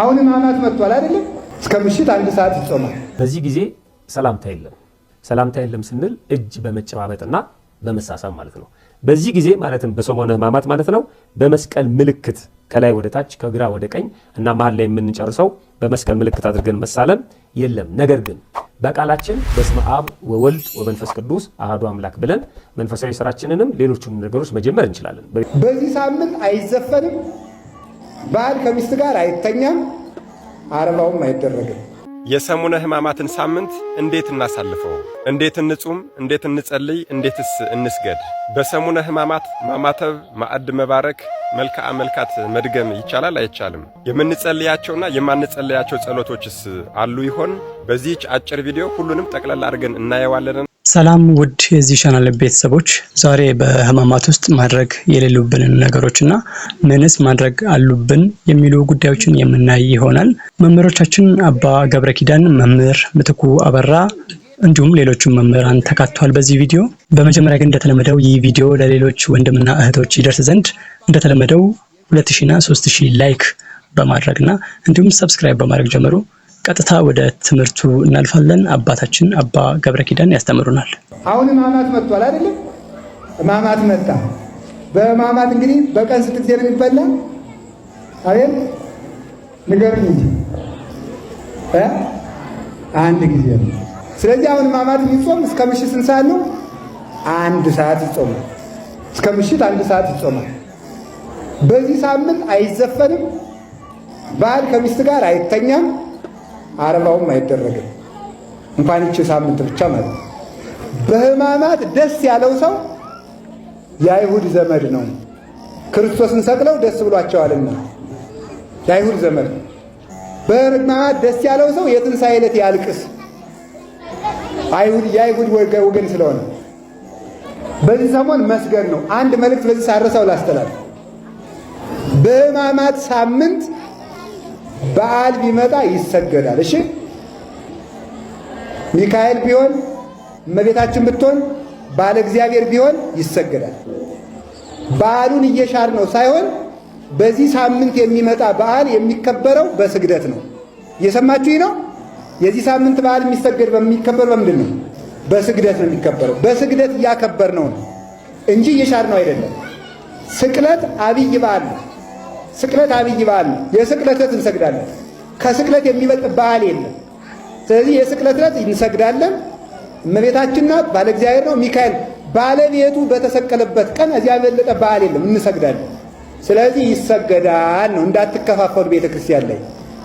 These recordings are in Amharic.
አሁንም አማት መጥቷል አይደለም። እስከ ምሽት አንድ ሰዓት ይጾማል። በዚህ ጊዜ ሰላምታ የለም። ሰላምታ የለም ስንል እጅ በመጨባበጥና በመሳሳብ ማለት ነው። በዚህ ጊዜ ማለትም በሰሞነ ህማማት ማለት ነው። በመስቀል ምልክት ከላይ ወደ ታች ከግራ ወደ ቀኝ እና መሀል ላይ የምንጨርሰው በመስቀል ምልክት አድርገን መሳለም የለም። ነገር ግን በቃላችን በስመ አብ ወወልድ ወመንፈስ ቅዱስ አህዶ አምላክ ብለን መንፈሳዊ ስራችንንም ሌሎቹን ነገሮች መጀመር እንችላለን። በዚህ ሳምንት አይዘፈንም ባል ከሚስት ጋር አይተኛም፣ አረባውም አይደረግም። የሰሙነ ሕማማትን ሳምንት እንዴት እናሳልፈው? እንዴት እንጹም? እንዴት እንጸልይ? እንዴትስ እንስገድ? በሰሙነ ሕማማት ማማተብ፣ ማዕድ መባረክ፣ መልክዓ መልካት መድገም ይቻላል አይቻልም? የምንጸልያቸውና የማንጸልያቸው ጸሎቶችስ አሉ ይሆን? በዚህች አጭር ቪዲዮ ሁሉንም ጠቅላላ አድርገን እናየዋለን። ሰላም ውድ የዚህ ቻናል ቤተሰቦች፣ ዛሬ በህማማት ውስጥ ማድረግ የሌሉብንን ነገሮች እና ምንስ ማድረግ አሉብን የሚሉ ጉዳዮችን የምናይ ይሆናል። መምህሮቻችን አባ ገብረ ኪዳን፣ መምህር ምትኩ አበራ እንዲሁም ሌሎችም መምህራን ተካተዋል በዚህ ቪዲዮ። በመጀመሪያ ግን እንደተለመደው ይህ ቪዲዮ ለሌሎች ወንድምና እህቶች ይደርስ ዘንድ እንደተለመደው 2000 እና 3000 ላይክ በማድረግ እና እንዲሁም ሰብስክራይብ በማድረግ ጀምሩ። ቀጥታ ወደ ትምህርቱ እናልፋለን። አባታችን አባ ገብረ ኪዳን ያስተምሩናል። አሁን ሕማማት መጥቷል አይደለም? ሕማማት መጣ። በሕማማት እንግዲህ በቀን ስንት ጊዜ ነው የሚበላ? አቤት ንገሩኝ እንጂ አንድ ጊዜ ነው። ስለዚህ አሁን ሕማማት የሚጾም እስከ ምሽት ስንት ሰዓት ነው? አንድ ሰዓት ይጾማል። እስከ ምሽት አንድ ሰዓት ይጾማል። በዚህ ሳምንት አይዘፈንም። ባል ከሚስት ጋር አይተኛም። አርባውም አይደረግም እንኳን ይቺ ሳምንት ብቻ ማለት ነው። በሕማማት ደስ ያለው ሰው የአይሁድ ዘመድ ነው። ክርስቶስን ሰቅለው ደስ ብሏቸዋልና የአይሁድ ዘመድ ነው። በሕማማት ደስ ያለው ሰው የትንሣኤ ዕለት ያልቅስ፣ አይሁድ የአይሁድ ወገን ስለሆነ በዚህ ሰሞን መስገን ነው። አንድ መልእክት በዚህ ሳረሰው ላስተላል በሕማማት ሳምንት በዓል ቢመጣ ይሰገዳል። እሺ ሚካኤል ቢሆን እመቤታችን ብትሆን ባለ እግዚአብሔር ቢሆን ይሰገዳል። በዓሉን እየሻር ነው ሳይሆን በዚህ ሳምንት የሚመጣ በዓል የሚከበረው በስግደት ነው። እየሰማችሁ ነው። የዚህ ሳምንት በዓል የሚሰገድ በሚከበር በምንድን ነው? በስግደት ነው የሚከበረው። በስግደት እያከበር ነው እንጂ እየሻር ነው አይደለም። ስቅለት አብይ በዓል ነው። ስቅለት አብይ በዓል ነው። የስቅለት ዕለት እንሰግዳለን። ከስቅለት የሚበልጥ በዓል የለም። ስለዚህ የስቅለት ዕለት እንሰግዳለን። እመቤታችን ናት፣ ባለ እግዚአብሔር ነው ሚካኤል ባለቤቱ በተሰቀለበት ቀን እዚያ የበለጠ በዓል የለም። እንሰግዳለን። ስለዚህ ይሰገዳል ነው። እንዳትከፋፈሉ ቤተ ክርስቲያን ላይ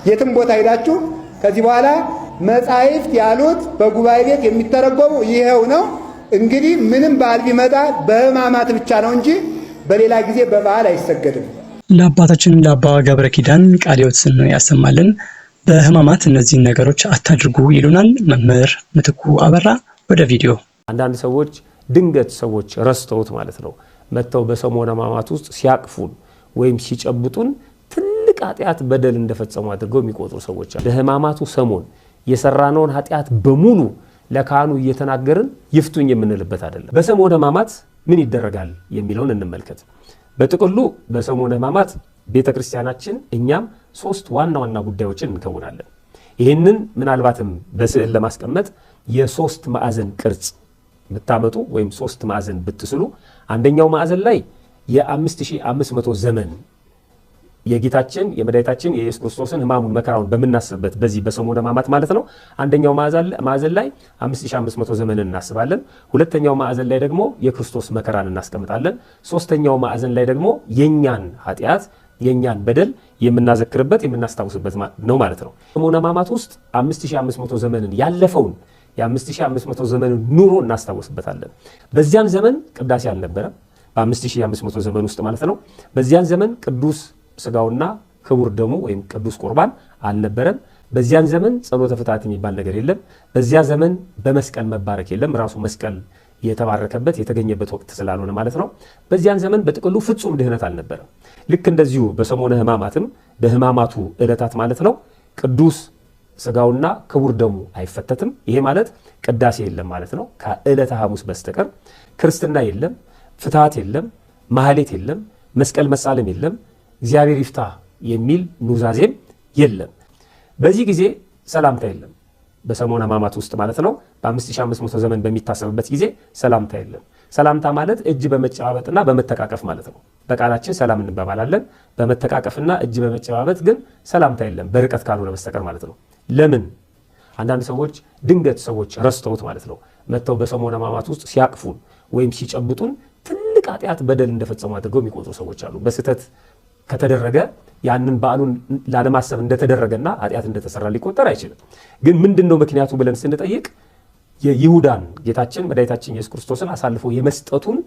የትም ቦታ ሄዳችሁ ከዚህ በኋላ መጻሕፍት ያሉት በጉባኤ ቤት የሚተረጎሙ ይሄው ነው። እንግዲህ ምንም በዓል ቢመጣ በሕማማት ብቻ ነው እንጂ በሌላ ጊዜ በበዓል አይሰገድም። ለአባታችን ለአባ ገብረ ኪዳን ቃለ ሕይወትን ያሰማልን። በህማማት እነዚህን ነገሮች አታድርጉ ይሉናል መምህር ምትኩ አበራ። ወደ ቪዲዮ አንዳንድ ሰዎች ድንገት ሰዎች ረስተውት ማለት ነው መጥተው በሰሞነ ሕማማት ውስጥ ሲያቅፉን ወይም ሲጨብጡን ትልቅ ኃጢአት በደል እንደፈጸሙ አድርገው የሚቆጥሩ ሰዎች አሉ። በህማማቱ ሰሞን የሰራነውን ኃጢአት በሙሉ ለካህኑ እየተናገርን ይፍቱኝ የምንልበት አይደለም። በሰሞነ ህማማት ምን ይደረጋል የሚለውን እንመልከት። በጥቅሉ በሰሙነ ሕማማት ቤተ ክርስቲያናችን እኛም ሶስት ዋና ዋና ጉዳዮችን እንከውናለን። ይህንን ምናልባትም በስዕል ለማስቀመጥ የሶስት ማዕዘን ቅርጽ ብታመጡ ወይም ሶስት ማዕዘን ብትስሉ አንደኛው ማዕዘን ላይ የ5500 ዘመን የጌታችን የመድኃኒታችን የኢየሱስ ክርስቶስን ህማሙን መከራውን በምናስብበት በዚህ በሰሙነ ሕማማት ማለት ነው። አንደኛው ማዕዘን ላይ 5500 ዘመንን እናስባለን። ሁለተኛው ማዕዘን ላይ ደግሞ የክርስቶስ መከራን እናስቀምጣለን። ሶስተኛው ማዕዘን ላይ ደግሞ የእኛን ኃጢአት የእኛን በደል የምናዘክርበት የምናስታውስበት ነው ማለት ነው። ሰሙነ ሕማማት ውስጥ 5500 ዘመንን ያለፈውን የ5500 ዘመንን ኑሮ እናስታውስበታለን። በዚያን ዘመን ቅዳሴ አልነበረም። በ5500 ዘመን ውስጥ ማለት ነው። በዚያን ዘመን ቅዱስ ስጋውና ክቡር ደሙ ወይም ቅዱስ ቁርባን አልነበረም። በዚያን ዘመን ጸሎተ ፍትሐት የሚባል ነገር የለም። በዚያ ዘመን በመስቀል መባረክ የለም። ራሱ መስቀል የተባረከበት የተገኘበት ወቅት ስላልሆነ ማለት ነው። በዚያን ዘመን በጥቅሉ ፍጹም ድህነት አልነበረም። ልክ እንደዚሁ በሰሞነ ሕማማትም በሕማማቱ ዕለታት ማለት ነው ቅዱስ ስጋውና ክቡር ደሙ አይፈተትም። ይሄ ማለት ቅዳሴ የለም ማለት ነው። ከዕለተ ሐሙስ በስተቀር ክርስትና የለም፣ ፍትሐት የለም፣ ማህሌት የለም፣ መስቀል መሳለም የለም እግዚአብሔር ይፍታ የሚል ኑዛዜም የለም። በዚህ ጊዜ ሰላምታ የለም። በሰሞነ ሕማማት ውስጥ ማለት ነው። በ5500 ዘመን በሚታሰብበት ጊዜ ሰላምታ የለም። ሰላምታ ማለት እጅ በመጨባበጥና በመተቃቀፍ ማለት ነው። በቃላችን ሰላም እንባባላለን። በመተቃቀፍና እጅ በመጨባበጥ ግን ሰላምታ የለም፣ በርቀት ካልሆነ በስተቀር ማለት ነው። ለምን? አንዳንድ ሰዎች ድንገት ሰዎች ረስተውት ማለት ነው መጥተው በሰሞነ ሕማማት ውስጥ ሲያቅፉን ወይም ሲጨብጡን ትልቅ ኃጢአት፣ በደል እንደፈጸሙ አድርገው የሚቆጥሩ ሰዎች አሉ። በስህተት ከተደረገ ያንን በዓሉን ላለማሰብ እንደተደረገና ኃጢአት እንደተሰራ ሊቆጠር አይችልም። ግን ምንድን ነው ምክንያቱ ብለን ስንጠይቅ የይሁዳን ጌታችን መድኃኒታችን ኢየሱስ ክርስቶስን አሳልፎ የመስጠቱን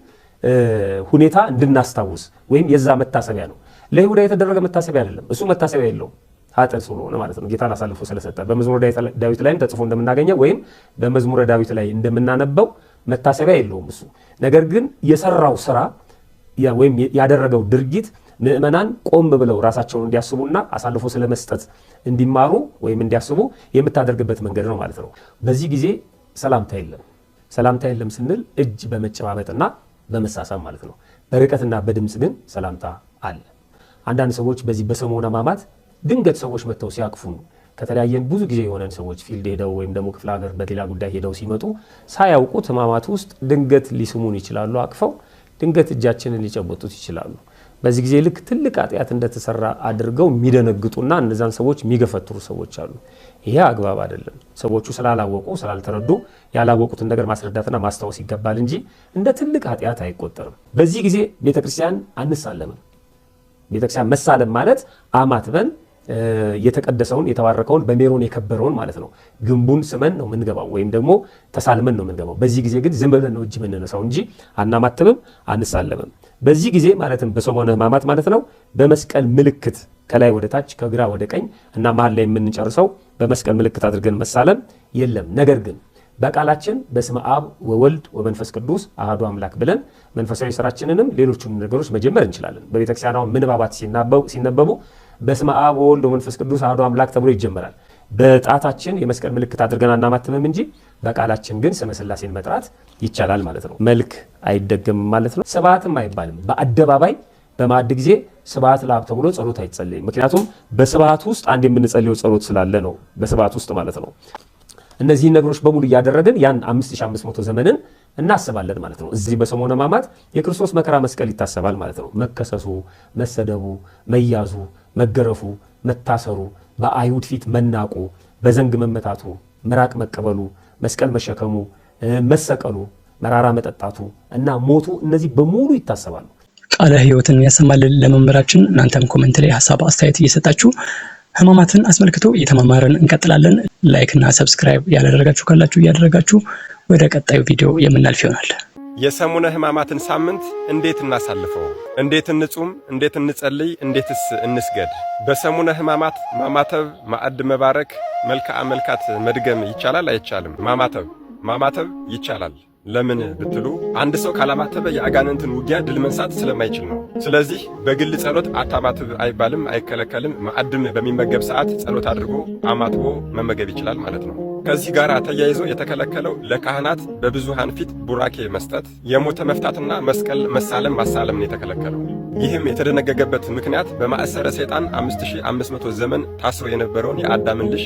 ሁኔታ እንድናስታውስ ወይም የዛ መታሰቢያ ነው። ለይሁዳ የተደረገ መታሰቢያ አይደለም። እሱ መታሰቢያ የለውም ኃጥእ ስለሆነ ማለት ነው፣ ጌታን አሳልፎ ስለሰጠ። በመዝሙረ ዳዊት ላይም ተጽፎ እንደምናገኘው ወይም በመዝሙረ ዳዊት ላይ እንደምናነበው መታሰቢያ የለውም እሱ። ነገር ግን የሰራው ስራ ወይም ያደረገው ድርጊት ምእመናን ቆም ብለው ራሳቸውን እንዲያስቡና አሳልፎ ስለመስጠት እንዲማሩ ወይም እንዲያስቡ የምታደርግበት መንገድ ነው ማለት ነው። በዚህ ጊዜ ሰላምታ የለም። ሰላምታ የለም ስንል እጅ በመጨባበጥና በመሳሳብ ማለት ነው። በርቀትና በድምፅ ግን ሰላምታ አለ። አንዳንድ ሰዎች በዚህ በሰሞነ ሕማማት ድንገት ሰዎች መጥተው ሲያቅፉን ከተለያየን ብዙ ጊዜ የሆነን ሰዎች ፊልድ ሄደው ወይም ደግሞ ክፍለ ሀገር በሌላ ጉዳይ ሄደው ሲመጡ ሳያውቁት ሕማማት ውስጥ ድንገት ሊስሙን ይችላሉ። አቅፈው ድንገት እጃችንን ሊጨበጡት ይችላሉ። በዚህ ጊዜ ልክ ትልቅ ኃጢአት እንደተሰራ አድርገው የሚደነግጡና እነዛን ሰዎች የሚገፈትሩ ሰዎች አሉ። ይሄ አግባብ አይደለም። ሰዎቹ ስላላወቁ ስላልተረዱ ያላወቁትን ነገር ማስረዳትና ማስታወስ ይገባል እንጂ እንደ ትልቅ ኃጢአት አይቆጠርም። በዚህ ጊዜ ቤተክርስቲያን አንሳለምም። ቤተክርስቲያን መሳለም ማለት አማትበን የተቀደሰውን የተባረከውን በሜሮን የከበረውን ማለት ነው። ግንቡን ስመን ነው የምንገባው፣ ወይም ደግሞ ተሳልመን ነው የምንገባው። በዚህ ጊዜ ግን ዝም ብለን ነው እጅ የምንነሳው እንጂ አናማትብም፣ አንሳለምም። በዚህ ጊዜ ማለትም በሰሞነ ሕማማት ማለት ነው በመስቀል ምልክት ከላይ ወደ ታች ከግራ ወደ ቀኝ እና መሀል ላይ የምንጨርሰው በመስቀል ምልክት አድርገን መሳለም የለም። ነገር ግን በቃላችን በስመ አብ ወወልድ ወመንፈስ ቅዱስ አህዱ አምላክ ብለን መንፈሳዊ ስራችንንም ሌሎቹን ነገሮች መጀመር እንችላለን። በቤተክርስቲያናው ምንባባት ሲነበቡ በስመ አብ ወወልድ ወመንፈስ ቅዱስ አህዱ አምላክ ተብሎ ይጀመራል። በጣታችን የመስቀል ምልክት አድርገን አናማትምም እንጂ በቃላችን ግን ስመ መጥራት ይቻላል ማለት ነው። መልክ አይደገምም ማለት ነው። ስብሐትም አይባልም። በአደባባይ በማዕድ ጊዜ ስብሐት ለአብ ተብሎ ጸሎት አይጸለይም። ምክንያቱም በስብሐት ውስጥ አንድ የምንጸልየው ጸሎት ስላለ ነው። በስብሐት ውስጥ ማለት ነው። እነዚህን ነገሮች በሙሉ እያደረግን ያን 5500 ዘመንን እናስባለን ማለት ነው። እዚህ በሰሞነ ሕማማት የክርስቶስ መከራ መስቀል ይታሰባል ማለት ነው። መከሰሱ፣ መሰደቡ፣ መያዙ፣ መገረፉ፣ መታሰሩ፣ በአይሁድ ፊት መናቁ፣ በዘንግ መመታቱ፣ ምራቅ መቀበሉ መስቀል መሸከሙ፣ መሰቀሉ፣ መራራ መጠጣቱ እና ሞቱ እነዚህ በሙሉ ይታሰባሉ። ቃለ ሕይወትን ያሰማልን ለመምህራችን። እናንተም ኮመንት ላይ ሀሳብ አስተያየት እየሰጣችሁ ህማማትን አስመልክቶ እየተማማርን እንቀጥላለን። ላይክ እና ሰብስክራይብ ያላደረጋችሁ ካላችሁ እያደረጋችሁ ወደ ቀጣዩ ቪዲዮ የምናልፍ ይሆናል። የሰሙነ ሕማማትን ሳምንት እንዴት እናሳልፈው? እንዴት እንጹም? እንዴት እንጸልይ? እንዴትስ እንስገድ? በሰሙነ ሕማማት ማማተብ፣ ማዕድ መባረክ፣ መልክዓ መልካት መድገም ይቻላል አይቻልም? ማማተብ ማማተብ ይቻላል። ለምን ብትሉ አንድ ሰው ካላማተበ የአጋንንትን ውጊያ ድል መንሳት ስለማይችል ነው። ስለዚህ በግል ጸሎት አታማትብ አይባልም፣ አይከለከልም። ማዕድም በሚመገብ ሰዓት ጸሎት አድርጎ አማትቦ መመገብ ይችላል ማለት ነው። ከዚህ ጋር ተያይዞ የተከለከለው ለካህናት በብዙሃን ፊት ቡራኬ መስጠት፣ የሞተ መፍታትና መስቀል መሳለም ማሳለም ነው የተከለከለው። ይህም የተደነገገበት ምክንያት በማእሰረ ሰይጣን 5500 ዘመን ታስሮ የነበረውን የአዳምን ልጅ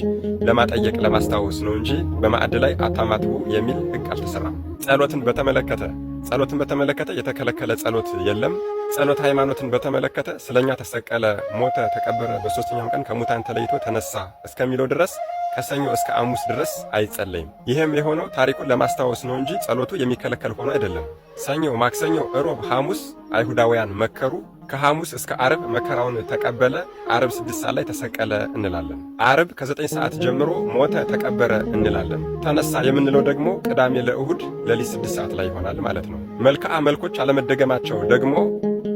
ለማጠየቅ ለማስታወስ ነው እንጂ በማዕድ ላይ አታማትቡ የሚል ሕግ አልተሰራም። ጸሎትን በተመለከተ ጸሎትን በተመለከተ የተከለከለ ጸሎት የለም። ጸሎት ሃይማኖትን በተመለከተ ስለኛ ተሰቀለ፣ ሞተ፣ ተቀበረ፣ በሦስተኛውም ቀን ከሙታን ተለይቶ ተነሳ እስከሚለው ድረስ ከሰኞ እስከ ሐሙስ ድረስ አይጸለይም። ይህም የሆነው ታሪኩን ለማስታወስ ነው እንጂ ጸሎቱ የሚከለከል ሆኖ አይደለም። ሰኞ፣ ማክሰኞ፣ እሮብ፣ ሐሙስ አይሁዳውያን መከሩ። ከሐሙስ እስከ አርብ መከራውን ተቀበለ። አርብ ስድስት ሰዓት ላይ ተሰቀለ እንላለን። አርብ ከዘጠኝ ሰዓት ጀምሮ ሞተ፣ ተቀበረ እንላለን። ተነሳ የምንለው ደግሞ ቅዳሜ ለእሁድ ሌሊት ስድስት ሰዓት ላይ ይሆናል ማለት ነው። መልክዓ መልኮች አለመደገማቸው ደግሞ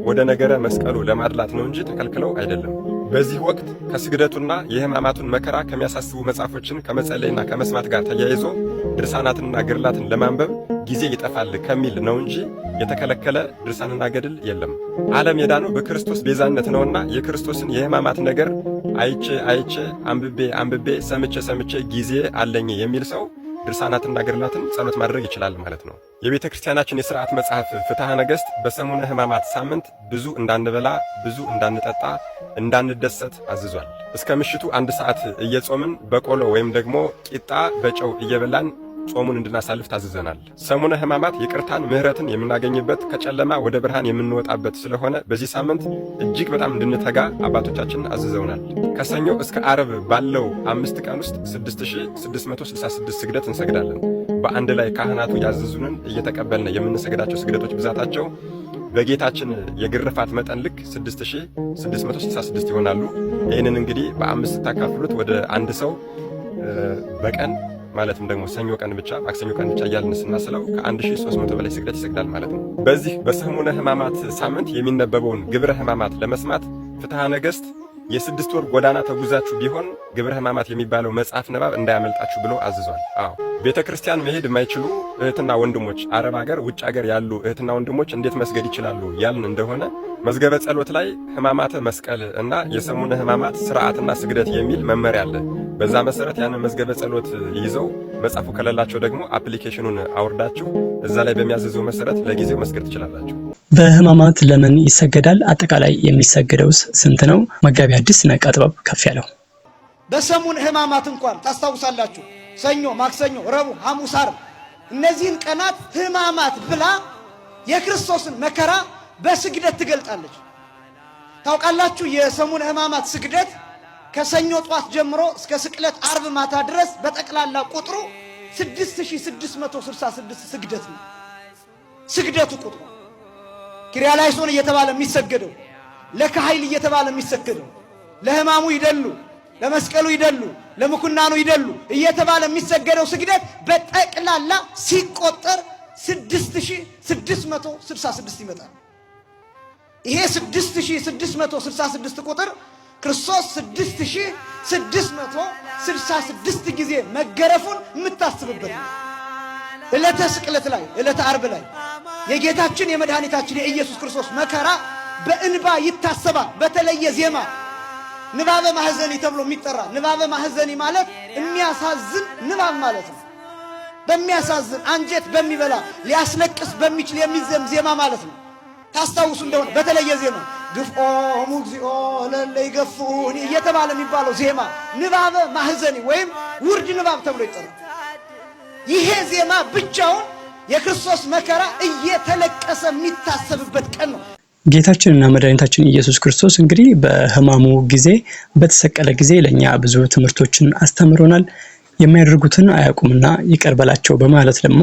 ወደ ነገረ መስቀሉ ለማድላት ነው እንጂ ተከልክለው አይደለም። በዚህ ወቅት ከስግደቱና የሕማማቱን መከራ ከሚያሳስቡ መጽሐፎችን ከመጸለይና ከመስማት ጋር ተያይዞ ድርሳናትንና ገድላትን ለማንበብ ጊዜ ይጠፋል ከሚል ነው እንጂ የተከለከለ ድርሳንና ገድል የለም። ዓለም የዳነው በክርስቶስ ቤዛነት ነውና የክርስቶስን የሕማማት ነገር አይቼ አይቼ አንብቤ አንብቤ ሰምቼ ሰምቼ ጊዜ አለኝ የሚል ሰው ድርሳናትና ገድላትን ጸሎት ማድረግ ይችላል ማለት ነው። የቤተ ክርስቲያናችን የስርዓት መጽሐፍ ፍትሐ ነገሥት በሰሙነ ሕማማት ሳምንት ብዙ እንዳንበላ፣ ብዙ እንዳንጠጣ፣ እንዳንደሰት አዝዟል። እስከ ምሽቱ አንድ ሰዓት እየጾምን በቆሎ ወይም ደግሞ ቂጣ በጨው እየበላን ጾሙን እንድናሳልፍ ታዝዘናል። ሰሙነ ሕማማት ይቅርታን፣ ምሕረትን የምናገኝበት ከጨለማ ወደ ብርሃን የምንወጣበት ስለሆነ በዚህ ሳምንት እጅግ በጣም እንድንተጋ አባቶቻችን አዝዘውናል። ከሰኞ እስከ አረብ ባለው አምስት ቀን ውስጥ 6666 ስግደት እንሰግዳለን። በአንድ ላይ ካህናቱ ያዘዙንን እየተቀበልን የምንሰግዳቸው ስግደቶች ብዛታቸው በጌታችን የግርፋት መጠን ልክ 6666 ይሆናሉ። ይህንን እንግዲህ በአምስት ታካፍሉት ወደ አንድ ሰው በቀን ማለትም ደግሞ ሰኞ ቀን ብቻ ማክሰኞ ቀን ብቻ እያልን ስናስለው ከ1300 በላይ ስግደት ይሰግዳል ማለት ነው። በዚህ በሰሙነ ሕማማት ሳምንት የሚነበበውን ግብረ ሕማማት ለመስማት ፍትሐ ነገሥት የስድስት ወር ጎዳና ተጉዛችሁ ቢሆን ግብረ ሕማማት የሚባለው መጽሐፍ ንባብ እንዳያመልጣችሁ ብሎ አዝዟል። አዎ ቤተ ክርስቲያን መሄድ የማይችሉ እህትና ወንድሞች፣ አረብ ሀገር፣ ውጭ ሀገር ያሉ እህትና ወንድሞች እንዴት መስገድ ይችላሉ ያልን እንደሆነ መዝገበ ጸሎት ላይ ሕማማተ መስቀል እና የሰሙነ ሕማማት ስርዓትና ስግደት የሚል መመሪያ አለ። በዛ መሰረት ያንን መዝገበ ጸሎት ይዘው መጽሐፉ ከሌላቸው ደግሞ አፕሊኬሽኑን አውርዳችሁ እዛ ላይ በሚያዘዘው መሰረት ለጊዜው መስገድ ትችላላችሁ። በህማማት ለምን ይሰገዳል? አጠቃላይ የሚሰገደውስ ስንት ነው? መጋቢ አዲስ ነቃ ጥበብ ከፍ ያለው በሰሙን ህማማት እንኳን ታስታውሳላችሁ፣ ሰኞ፣ ማክሰኞ፣ ረቡዕ፣ ሐሙስ፣ ዓርብ እነዚህን ቀናት ህማማት ብላ የክርስቶስን መከራ በስግደት ትገልጣለች። ታውቃላችሁ የሰሙን ህማማት ስግደት ከሰኞ ጧት ጀምሮ እስከ ስቅለት አርብ ማታ ድረስ በጠቅላላ ቁጥሩ 6666 ስግደት ነው። ስግደቱ ቁጥሩ ኪርያላይሶን እየተባለ የሚሰገደው ለካሃይል እየተባለ የሚሰገደው ለሕማሙ ይደሉ ለመስቀሉ ይደሉ ለምኩናኑ ይደሉ እየተባለ የሚሰገደው ስግደት በጠቅላላ ሲቆጠር 6666 ይመጣል። ይሄ 6666 ቁጥር ክርስቶስ ስድስት ሺህ ስድስት መቶ ስልሳ ስድስት ጊዜ መገረፉን የምታስብበት ነው። ዕለተ ስቅለት ላይ ዕለተ አርብ ላይ የጌታችን የመድኃኒታችን የኢየሱስ ክርስቶስ መከራ በእንባ ይታሰባል። በተለየ ዜማ ንባበ ማህዘኒ ተብሎ የሚጠራ ንባበ ማህዘኒ ማለት የሚያሳዝን ንባብ ማለት ነው። በሚያሳዝን አንጀት በሚበላ ሊያስለቅስ በሚችል የሚዘም ዜማ ማለት ነው። ታስታውሱ እንደሆነ በተለየ ዜማ ግፍኦሙ እግዚኦ ለለ ይገፉኒ እየተባለ የሚባለው ዜማ ንባበ ማህዘኒ ወይም ውርድ ንባብ ተብሎ ይጠራል። ይሄ ዜማ ብቻውን የክርስቶስ መከራ እየተለቀሰ የሚታሰብበት ቀን ነው። ጌታችንና መድኃኒታችን ኢየሱስ ክርስቶስ እንግዲህ በሕማሙ ጊዜ በተሰቀለ ጊዜ ለእኛ ብዙ ትምህርቶችን አስተምሮናል። የሚያደርጉትን አያውቁምና ይቅር በላቸው በማለት ደግሞ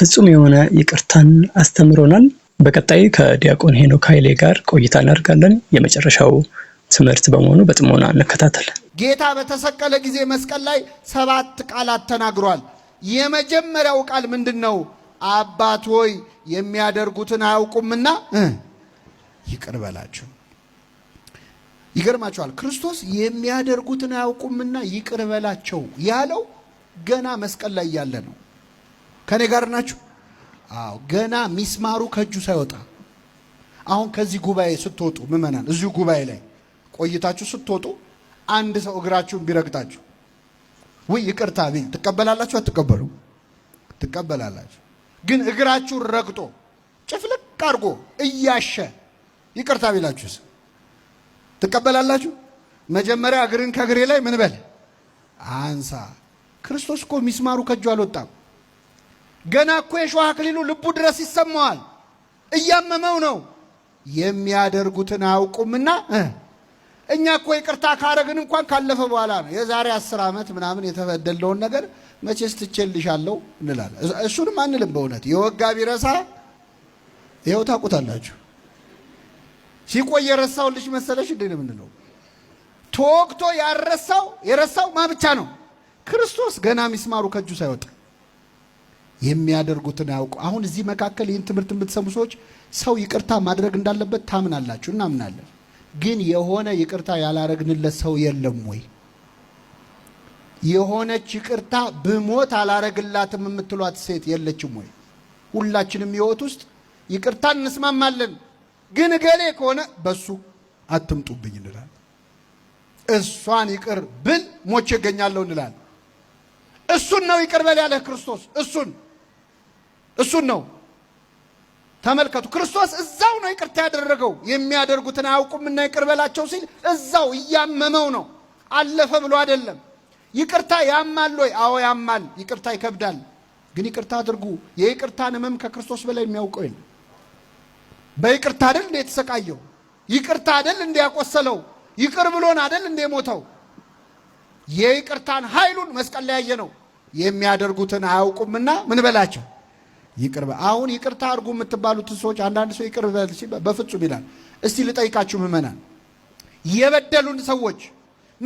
ፍጹም የሆነ ይቅርታን አስተምሮናል። በቀጣይ ከዲያቆን ሄኖክ ኃይሌ ጋር ቆይታ እናደርጋለን። የመጨረሻው ትምህርት በመሆኑ በጥሞና እንከታተል። ጌታ በተሰቀለ ጊዜ መስቀል ላይ ሰባት ቃላት ተናግሯል። የመጀመሪያው ቃል ምንድን ነው? አባት ሆይ የሚያደርጉትን አያውቁምና ይቅር በላቸው። ይገርማቸዋል። ክርስቶስ የሚያደርጉትን አያውቁምና ይቅር በላቸው ያለው ገና መስቀል ላይ ያለ ነው። ከኔ ጋር ናችሁ? አዎ ገና ሚስማሩ ከእጁ ሳይወጣ አሁን ከዚህ ጉባኤ ስትወጡ ምእመናን፣ እዚሁ ጉባኤ ላይ ቆይታችሁ ስትወጡ አንድ ሰው እግራችሁን ቢረግጣችሁ ውይ ይቅርታ ቢል ትቀበላላችሁ? አትቀበሉ? ትቀበላላችሁ። ግን እግራችሁን ረግጦ ጭፍልቅ አድርጎ እያሸ ይቅርታ ቢላችሁስ ትቀበላላችሁ? መጀመሪያ እግርን ከእግሬ ላይ ምን በል አንሳ። ክርስቶስ እኮ ሚስማሩ ከእጁ አልወጣም። ገና እኮ የሸዋ አክሊሉ ልቡ ድረስ ይሰማዋል። እያመመው ነው። የሚያደርጉትን አያውቁምና እኛ እኮ ይቅርታ ካረግን እንኳን ካለፈ በኋላ ነው። የዛሬ አስር ዓመት ምናምን የተበደለውን ነገር መቼስ ትቼልሻለሁ እንላለን። እሱንም አንልም። በእውነት የወጋ ቢረሳ ይኸው ታውቁታላችሁ። ሲቆይ የረሳው ልጅ መሰለሽ እንዴ ነው የምንለው። ተወቅቶ ያረሳው የረሳው ማ ብቻ ነው? ክርስቶስ ገና ሚስማሩ ከእጁ ሳይወጣ የሚያደርጉትን ያውቁ። አሁን እዚህ መካከል ይህን ትምህርት የምትሰሙ ሰዎች ሰው ይቅርታ ማድረግ እንዳለበት ታምናላችሁ፣ እናምናለን። ግን የሆነ ይቅርታ ያላረግንለት ሰው የለም ወይ? የሆነች ይቅርታ ብሞት አላረግላትም የምትሏት ሴት የለችም ወይ? ሁላችንም ህይወት ውስጥ ይቅርታ እንስማማለን፣ ግን እገሌ ከሆነ በሱ አትምጡብኝ እንላል። እሷን ይቅር ብል ሞቼ እገኛለሁ እንላል። እሱን ነው ይቅር በል ያለህ ክርስቶስ እሱን እሱን ነው ተመልከቱ። ክርስቶስ እዛው ነው ይቅርታ ያደረገው። የሚያደርጉትን አያውቁምና ይቅር በላቸው ሲል እዛው እያመመው ነው። አለፈ ብሎ አይደለም። ይቅርታ ያማል ወይ? አዎ ያማል። ይቅርታ ይከብዳል። ግን ይቅርታ አድርጉ። የይቅርታን ህመም ከክርስቶስ በላይ የሚያውቀው የለም። በይቅርታ አይደል እንደ የተሰቃየው? ይቅርታ አይደል እንደ ያቆሰለው? ይቅር ብሎን አይደል እንደ ሞተው? የይቅርታን ኃይሉን መስቀል ላይ ያየ ነው። የሚያደርጉትን አያውቁምና ምን በላቸው ይቅርበ አሁን ይቅርታ አርጉ የምትባሉትን ሰዎች አንዳንድ ሰው ይቅርበ በፍጹም ይላል። እስቲ ልጠይቃችሁ ምመናል የበደሉን ሰዎች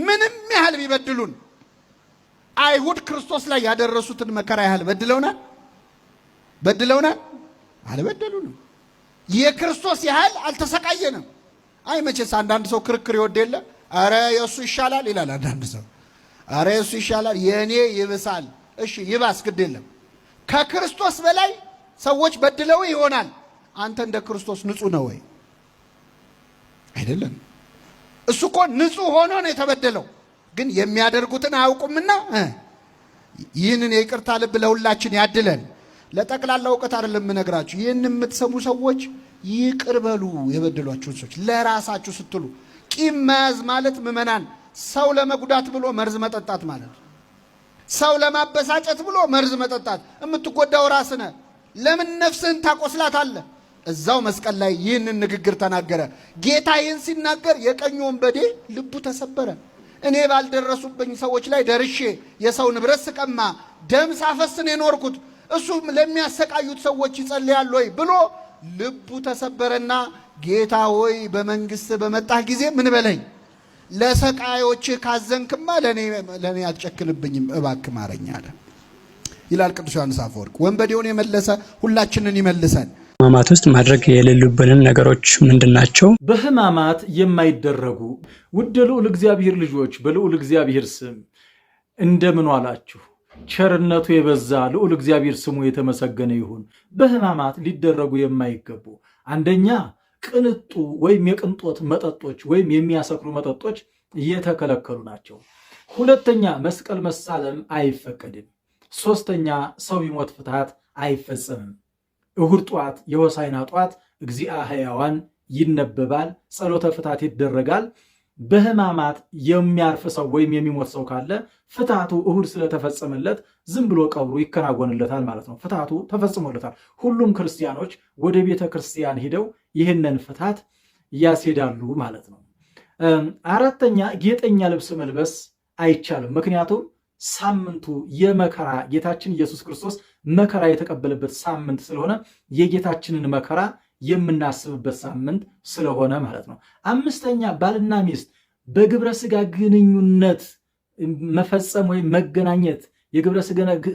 ምንም ያህል ቢበድሉን አይሁድ ክርስቶስ ላይ ያደረሱትን መከራ ያህል በድለውናል በድለውናል? አልበደሉንም። የክርስቶስ ያህል አልተሰቃየንም። አይ መቼስ አንዳንድ ሰው ክርክር ይወድ የለ አረ የእሱ ይሻላል ይላል። አንዳንድ ሰው አረ የእሱ ይሻላል፣ የእኔ ይብሳል። እሺ ይባስ፣ ግድ የለም ከክርስቶስ በላይ ሰዎች በድለው ይሆናል። አንተ እንደ ክርስቶስ ንጹህ ነው ወይ? አይደለም። እሱ እኮ ንጹህ ሆኖ ነው የተበደለው፣ ግን የሚያደርጉትን አያውቁምና ይህንን የይቅርታ ልብ ለሁላችን ያድለን። ለጠቅላላ እውቀት አይደለም የምነግራችሁ። ይህን የምትሰሙ ሰዎች ይቅር በሉ የበደሏችሁን ሰዎች፣ ለራሳችሁ ስትሉ ቂም መያዝ ማለት ምዕመናን ሰው ለመጉዳት ብሎ መርዝ መጠጣት ማለት ነው። ሰው ለማበሳጨት ብሎ መርዝ መጠጣት፣ የምትጎዳው ራስ ነህ። ለምን ነፍስህን ታቆስላታለህ? እዛው መስቀል ላይ ይህንን ንግግር ተናገረ። ጌታ ይህን ሲናገር የቀኝ ወንበዴ ልቡ ተሰበረ። እኔ ባልደረሱብኝ ሰዎች ላይ ደርሼ የሰው ንብረት ስቀማ ደም ሳፈስን የኖርኩት እሱም ለሚያሰቃዩት ሰዎች ይጸልያል ወይ ብሎ ልቡ ተሰበረና ጌታ ሆይ በመንግሥት በመጣህ ጊዜ ምን በለኝ ለሰቃዮች ካዘንክማ ለእኔ አትጨክንብኝም፣ እባክ ማረኝ አለ ይላል ቅዱስ ዮሐንስ አፈወርቅ። ወንበዴውን የመለሰ ሁላችንን ይመልሰን። ህማማት ውስጥ ማድረግ የሌሉብንን ነገሮች ምንድን ናቸው? በህማማት የማይደረጉ ውድ ልዑል እግዚአብሔር ልጆች በልዑል እግዚአብሔር ስም እንደምን አላችሁ? ቸርነቱ የበዛ ልዑል እግዚአብሔር ስሙ የተመሰገነ ይሁን። በህማማት ሊደረጉ የማይገቡ አንደኛ ቅንጡ ወይም የቅንጦት መጠጦች ወይም የሚያሰክሩ መጠጦች እየተከለከሉ ናቸው። ሁለተኛ መስቀል መሳለም አይፈቀድም። ሶስተኛ ሰው ቢሞት ፍትሐት አይፈጸምም። እሁድ ጠዋት የሆሳይና ጠዋት እግዚአ ሕያዋን ይነበባል፣ ጸሎተ ፍትሐት ይደረጋል። በሕማማት የሚያርፍ ሰው ወይም የሚሞት ሰው ካለ ፍትሐቱ እሁድ ስለተፈጸመለት ዝም ብሎ ቀብሩ ይከናወንለታል ማለት ነው። ፍትሐቱ ተፈጽሞለታል። ሁሉም ክርስቲያኖች ወደ ቤተ ክርስቲያን ሂደው ይህንን ፍታት ያስሄዳሉ ማለት ነው። አራተኛ ጌጠኛ ልብስ መልበስ አይቻልም። ምክንያቱም ሳምንቱ የመከራ ጌታችን ኢየሱስ ክርስቶስ መከራ የተቀበለበት ሳምንት ስለሆነ የጌታችንን መከራ የምናስብበት ሳምንት ስለሆነ ማለት ነው። አምስተኛ ባልና ሚስት በግብረ ስጋ ግንኙነት መፈጸም ወይም መገናኘት የግብረ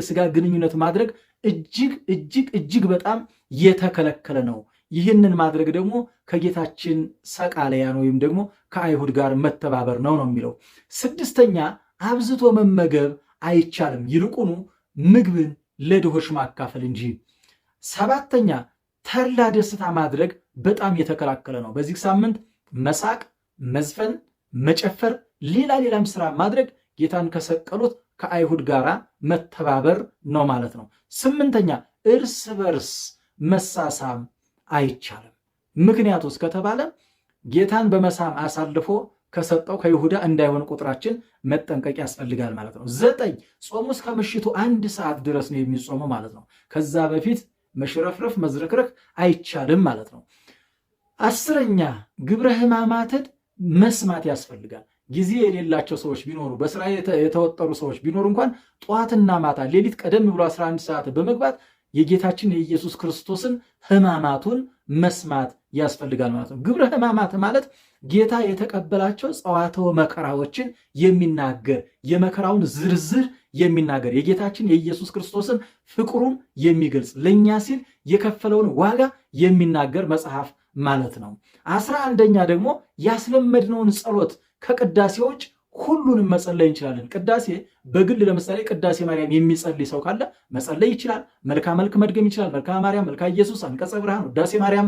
ስጋ ግንኙነት ማድረግ እጅግ እጅግ እጅግ በጣም የተከለከለ ነው። ይህንን ማድረግ ደግሞ ከጌታችን ሰቃለያን ወይም ደግሞ ከአይሁድ ጋር መተባበር ነው ነው የሚለው። ስድስተኛ አብዝቶ መመገብ አይቻልም፣ ይልቁኑ ምግብን ለድሆች ማካፈል እንጂ። ሰባተኛ ተድላ ደስታ ማድረግ በጣም የተከላከለ ነው። በዚህ ሳምንት መሳቅ፣ መዝፈን፣ መጨፈር፣ ሌላ ሌላም ስራ ማድረግ ጌታን ከሰቀሉት ከአይሁድ ጋር መተባበር ነው ማለት ነው። ስምንተኛ እርስ በርስ መሳሳም አይቻልም። ምክንያቱስ ከተባለ ጌታን በመሳም አሳልፎ ከሰጠው ከይሁዳ እንዳይሆን ቁጥራችን መጠንቀቅ ያስፈልጋል ማለት ነው። ዘጠኝ ጾሙ እስከ ምሽቱ አንድ ሰዓት ድረስ ነው የሚጾመው ማለት ነው። ከዛ በፊት መሽረፍረፍ መዝረክረክ አይቻልም ማለት ነው። አስረኛ ግብረ ሕማማትን መስማት ያስፈልጋል። ጊዜ የሌላቸው ሰዎች ቢኖሩ በስራ የተወጠሩ ሰዎች ቢኖሩ እንኳን ጠዋትና ማታ ሌሊት ቀደም ብሎ 11 ሰዓት በመግባት የጌታችን የኢየሱስ ክርስቶስን ሕማማቱን መስማት ያስፈልጋል ማለት ነው። ግብረ ሕማማት ማለት ጌታ የተቀበላቸው ጸዋተው መከራዎችን የሚናገር የመከራውን ዝርዝር የሚናገር የጌታችን የኢየሱስ ክርስቶስን ፍቅሩን የሚገልጽ ለእኛ ሲል የከፈለውን ዋጋ የሚናገር መጽሐፍ ማለት ነው። አስራ አንደኛ ደግሞ ያስለመድነውን ጸሎት ከቅዳሴዎች ሁሉንም መጸለይ እንችላለን። ቅዳሴ በግል ለምሳሌ ቅዳሴ ማርያም የሚጸልይ ሰው ካለ መጸለይ ይችላል። መልካ መልክ መድገም ይችላል። መልካ ማርያም፣ መልካ ኢየሱስ፣ አንቀጸ ብርሃን፣ ውዳሴ ማርያም፣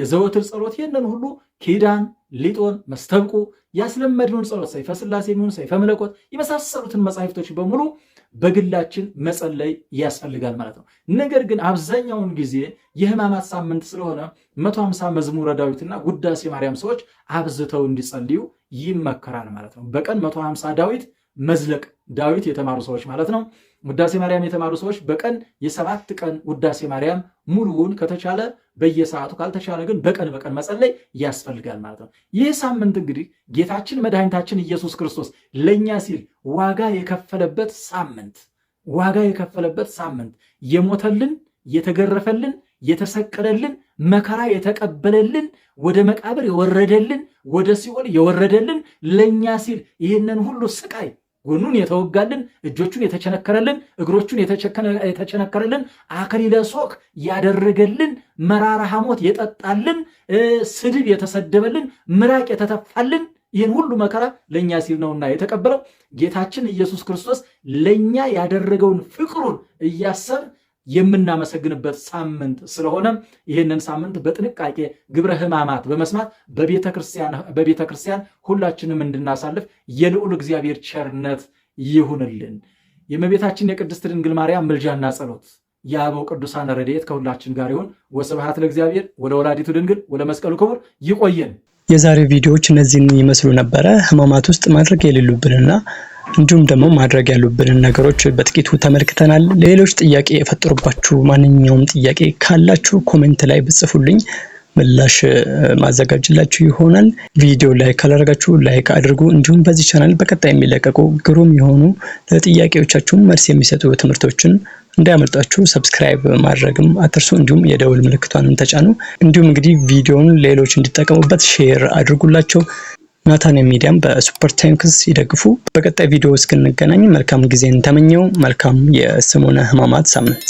የዘወትር ጸሎት፣ ይህንን ሁሉ ኪዳን፣ ሊጦን፣ መስተብቁ ያስለመድነውን ጸሎት፣ ሰይፈ ስላሴ የሚሆን ሰይፈ መለኮት የመሳሰሉትን መጻሕፍቶች በሙሉ በግላችን መጸለይ ያስፈልጋል ማለት ነው። ነገር ግን አብዛኛውን ጊዜ የሕማማት ሳምንት ስለሆነ መቶ ሃምሳ መዝሙረ ዳዊትና ውዳሴ ማርያም ሰዎች አብዝተው እንዲጸልዩ ይመከራል ማለት ነው። በቀን መቶ ሃምሳ ዳዊት መዝለቅ ዳዊት የተማሩ ሰዎች ማለት ነው ውዳሴ ማርያም የተማሩ ሰዎች በቀን የሰባት ቀን ውዳሴ ማርያም ሙሉውን ከተቻለ በየሰዓቱ ካልተቻለ ግን በቀን በቀን መጸለይ ያስፈልጋል ማለት ነው። ይህ ሳምንት እንግዲህ ጌታችን መድኃኒታችን ኢየሱስ ክርስቶስ ለእኛ ሲል ዋጋ የከፈለበት ሳምንት ዋጋ የከፈለበት ሳምንት የሞተልን፣ የተገረፈልን፣ የተሰቀለልን፣ መከራ የተቀበለልን፣ ወደ መቃብር የወረደልን፣ ወደ ሲኦል የወረደልን ለእኛ ሲል ይህንን ሁሉ ስቃይ ጎኑን የተወጋልን፣ እጆቹን የተቸነከረልን፣ እግሮቹን የተቸነከረልን፣ አክሊለ ሦክ ያደረገልን፣ መራራ ሐሞት የጠጣልን፣ ስድብ የተሰደበልን፣ ምራቅ የተተፋልን ይህን ሁሉ መከራ ለእኛ ሲል ነውና የተቀበለው ጌታችን ኢየሱስ ክርስቶስ ለእኛ ያደረገውን ፍቅሩን እያሰብን የምናመሰግንበት ሳምንት ስለሆነ ይህንን ሳምንት በጥንቃቄ ግብረ ሕማማት በመስማት በቤተ ክርስቲያን ሁላችንም እንድናሳልፍ የልዑል እግዚአብሔር ቸርነት ይሁንልን። የእመቤታችን የቅድስት ድንግል ማርያም ምልጃና ጸሎት የአበው ቅዱሳን ረድኤት ከሁላችን ጋር ይሁን። ወስብሐት ለእግዚአብሔር ወለወላዲቱ ድንግል ወለመስቀሉ ክቡር። ይቆየን። የዛሬው ቪዲዮዎች እነዚህን ይመስሉ ነበረ። ሕማማት ውስጥ ማድረግ የሌሉብንና እንዲሁም ደግሞ ማድረግ ያሉብንን ነገሮች በጥቂቱ ተመልክተናል። ሌሎች ጥያቄ የፈጠሩባችሁ ማንኛውም ጥያቄ ካላችሁ ኮሜንት ላይ ብጽፉልኝ ምላሽ ማዘጋጅላችሁ ይሆናል። ቪዲዮ ላይ ካላደረጋችሁ ላይክ አድርጉ። እንዲሁም በዚህ ቻናል በቀጣይ የሚለቀቁ ግሩም የሆኑ ለጥያቄዎቻችሁም መልስ የሚሰጡ ትምህርቶችን እንዳያመልጣችሁ ሰብስክራይብ ማድረግም አትርሱ። እንዲሁም የደውል ምልክቷንም ተጫኑ። እንዲሁም እንግዲህ ቪዲዮውን ሌሎች እንዲጠቀሙበት ሼር አድርጉላቸው። ናታን ሚዲያም በሱፐር ታንክስ ሲደግፉ። በቀጣይ ቪዲዮ እስክንገናኝ መልካም ጊዜን ተመኘው። መልካም የሰሙነ ሕማማት ሳምንት